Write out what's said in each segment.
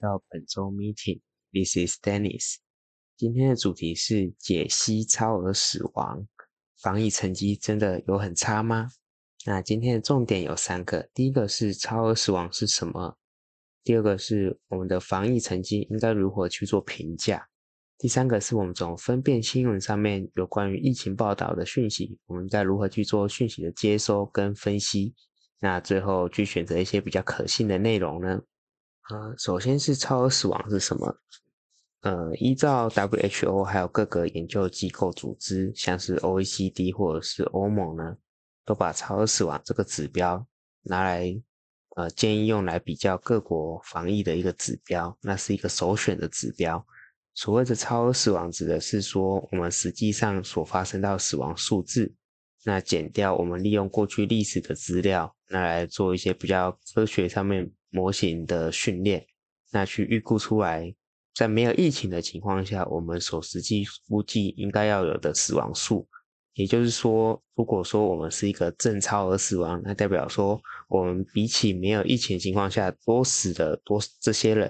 到本周 meeting，This is Dennis。今天的主題是解析超額死亡，防疫成績真的有很差嗎？那今天的重點有三個，第一個是超額死亡是什麼，第二個是我們的防疫成績應該如何去做評價，第三個是我們怎麼分辨新聞上面有關於疫情報道的訊息，我們該如何去做訊息的接收跟分析，那最後去選擇一些比較可信的內容呢？呃，首先是超額死亡是什麼？呃，依照 WHO 還有各個研究機構組織，像是 OECD 或者是歐盟呢，都把超額死亡這個指標拿來，呃，建議用來比較各國防疫的一個指標，那是一個首選的指標。所謂的超額死亡，指的是說我們實際上所發生到死亡數字，那減掉我們利用過去歷史的資料，那來做一些比較科學上面。模型的訓練，那去預估出來，在沒有疫情的情況下，我們所實際估計應該要有的死亡數。也就是說，如果說我們是一個正超額死亡，那代表說我們比起沒有疫情情況下多死的多這些人；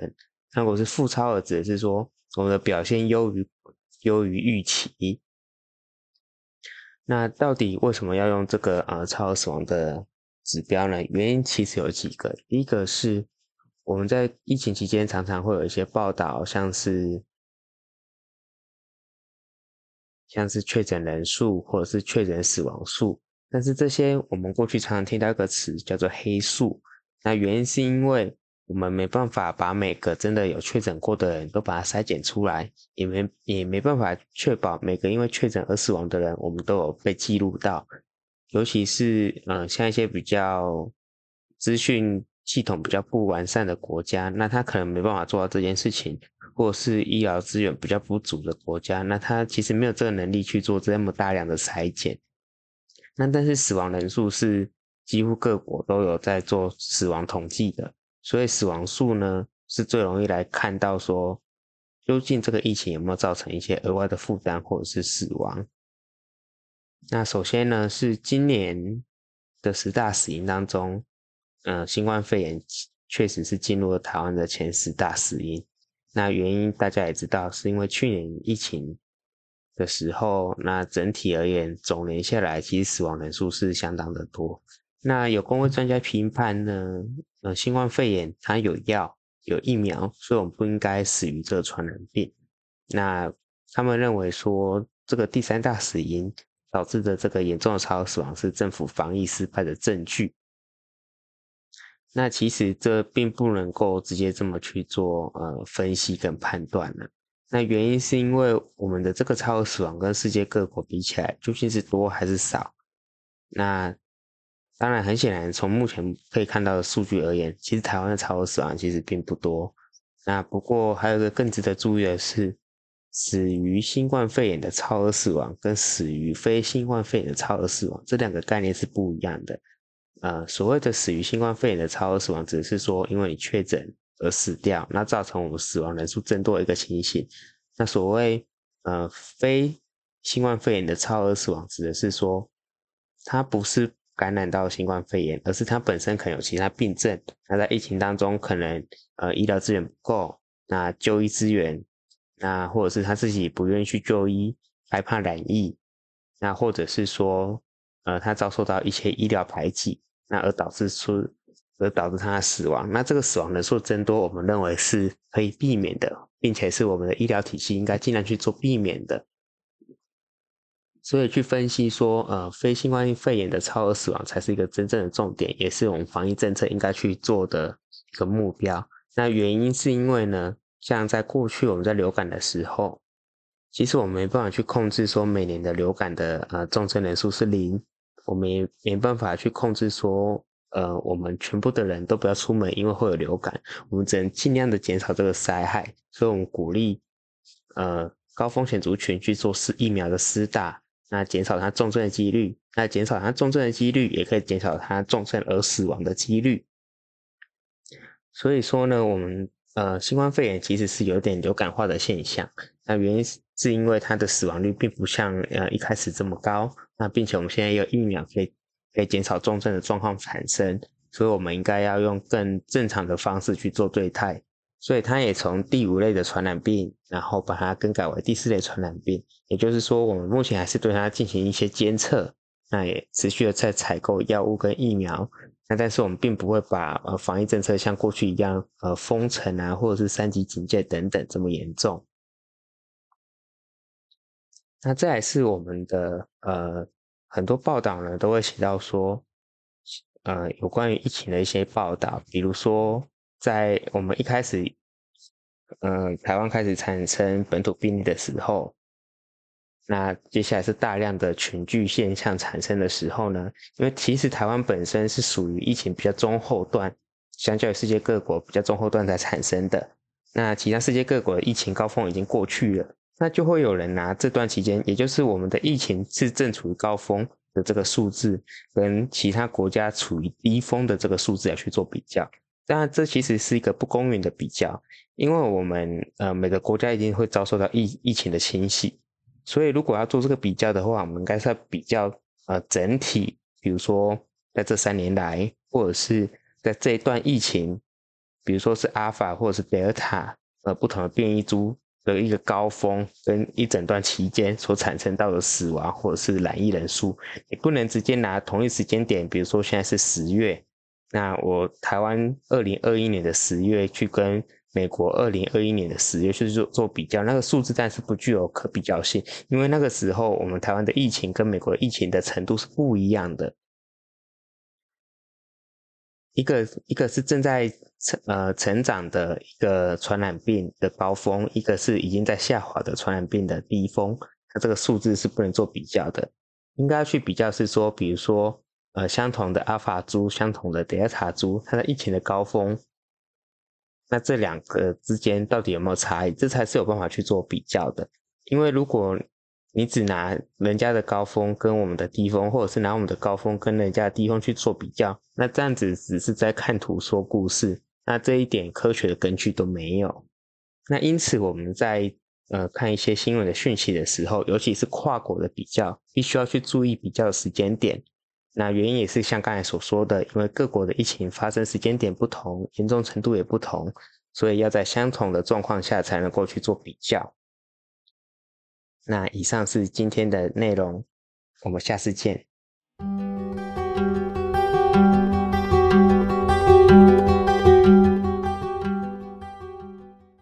如果是負超額指的是說我們的表現優於優於預期。那到底為什麼要用這個啊、呃、超額死亡的？指標呢？原因其實有幾個。第一個是我們在疫情期間常常會有一些報道，像是像是確診人數或者是確診死亡數，但是這些我們過去常常聽到一個詞叫做“黑數”。那原因是因為我們沒辦法把每個真的有確診過的人都把它篩檢出來，也沒也沒辦法確保每個因為確診而死亡的人，我們都有被記錄到。尤其是，嗯、呃，像一些比較資訊系統比較不完善的國家，那他可能沒辦法做到這件事情，或者是醫療資源比較不足的國家，那他其實沒有這個能力去做這麼大量的採檢。那但是死亡人數是幾乎各國都有在做死亡統計的，所以死亡數呢是最容易來看到說，究竟這個疫情有沒有造成一些額外的負擔或者是死亡。那首先呢，是今年的十大死因當中，呃，新冠肺炎確實是進入了台灣的前十大死因。那原因大家也知道，是因為去年疫情的時候，那整體而言，總連下來其實死亡人數是相當的多。那有公衛專家評判呢，呃，新冠肺炎它有藥有疫苗，所以我們不應該死於這個傳染病。那他們認為說，這個第三大死因。導致的這個嚴重的超額死亡是政府防疫失敗的證據。那其實這並不能夠直接這麼去做呃分析跟判斷了。那原因是因為我們的這個超額死亡跟世界各國比起來究竟是多還是少？那當然很顯然，從目前可以看到的數據而言，其實台灣的超額死亡其實並不多。那不過還有一個更值得注意的是。死於新冠肺炎的超額死亡跟死於非新冠肺炎的超額死亡這兩個概念是不一樣的。呃，所謂的死於新冠肺炎的超額死亡，指的是說因為你確診而死掉，那造成我們死亡人數增多一個情形。那所謂呃非新冠肺炎的超額死亡，指的是說它不是感染到新冠肺炎，而是它本身可能有其他病症。那在疫情當中，可能呃醫療資源不夠，那就醫資源。那或者是他自己不願意去就醫，害怕染疫，那或者是說，呃，他遭受到一些醫療排擠，那而導致出而導致他的死亡。那這個死亡人數增多，我們認為是可以避免的，並且是我們的醫療體系應該盡量去做避免的。所以去分析說，呃，非新冠肺炎的超額死亡才是一個真正的重點，也是我們防疫政策應該去做的一個目標。那原因是因為呢？像在過去，我們在流感的時候，其實我們沒辦法去控制說每年的流感的呃重症人數是零，我們也沒辦法去控制說呃我們全部的人都不要出門，因為會有流感，我們只能盡量的減少這個災害，所以我們鼓勵呃高風險族群去做疫苗的施打，那減少它重症的幾率，那減少它重症的幾率，也可以減少它重症而死亡的幾率。所以說呢，我們。呃，新冠肺炎其實是有點流感化的現象，那原因是因為它的死亡率並不像呃一開始這麼高，那並且我們現在有疫苗可以可以減少重症的狀況產生，所以我們應該要用更正常的方式去做對待，所以它也從第五類的傳染病，然後把它更改為第四類傳染病，也就是說我們目前還是對它進行一些監測，那也持續的在採購藥物跟疫苗。那但是我們並不會把呃防疫政策像過去一樣，呃封城啊或者是三級警戒等等這麼嚴重。那這也是我們的呃很多報道呢都會寫到說，呃有關於疫情的一些報道，比如說在我們一開始，呃台灣開始產生本土病例的時候。那接下來是大量的群聚現象產生的時候呢？因為其實台灣本身是屬於疫情比較中後段，相較於世界各國比較中後段才產生的。那其他世界各國的疫情高峰已經過去了，那就會有人拿這段期間，也就是我們的疫情是正處於高峰的這個數字，跟其他國家處於低峰的這個數字來去做比較。當然，這其實是一個不公允的比較，因為我們呃每個國家一定會遭受到疫疫情的侵襲。所以，如果要做這個比較的話，我們應該是要比較呃整體，比如說在這三年來，或者是在這一段疫情，比如說是阿爾法或者是德爾塔呃不同的變異株的一個高峰，跟一整段期間所產生到的死亡或者是染疫人數，你不能直接拿同一時間點，比如說現在是十月，那我台灣二零二一年的十月去跟。美國二零二一年的十月去做做比較，那個數字但是不具有可比較性，因為那個時候我們台灣的疫情跟美國疫情的程度是不一樣的。一個一個是正在成呃成長的一個傳染病的高峰，一個是已經在下滑的傳染病的低峰，它這個數字是不能做比較的。應該要去比較是說，比如說呃相同的阿法株，相同的德爾塔株，它的疫情的高峰。那這兩個之間到底有沒有差異？這才是有辦法去做比較的。因為如果你只拿人家的高峰跟我們的低峰，或者是拿我們的高峰跟人家的低峰去做比較，那這樣子只是在看圖說故事，那這一點科學的根據都沒有。那因此我們在呃看一些新聞的訊息的時候，尤其是跨國的比較，必須要去注意比較的時間點。那原因也是像剛才所說的，因為各國的疫情發生時間點不同，嚴重程度也不同，所以要在相同的狀況下才能夠去做比較。那以上是今天的內容，我們下次見。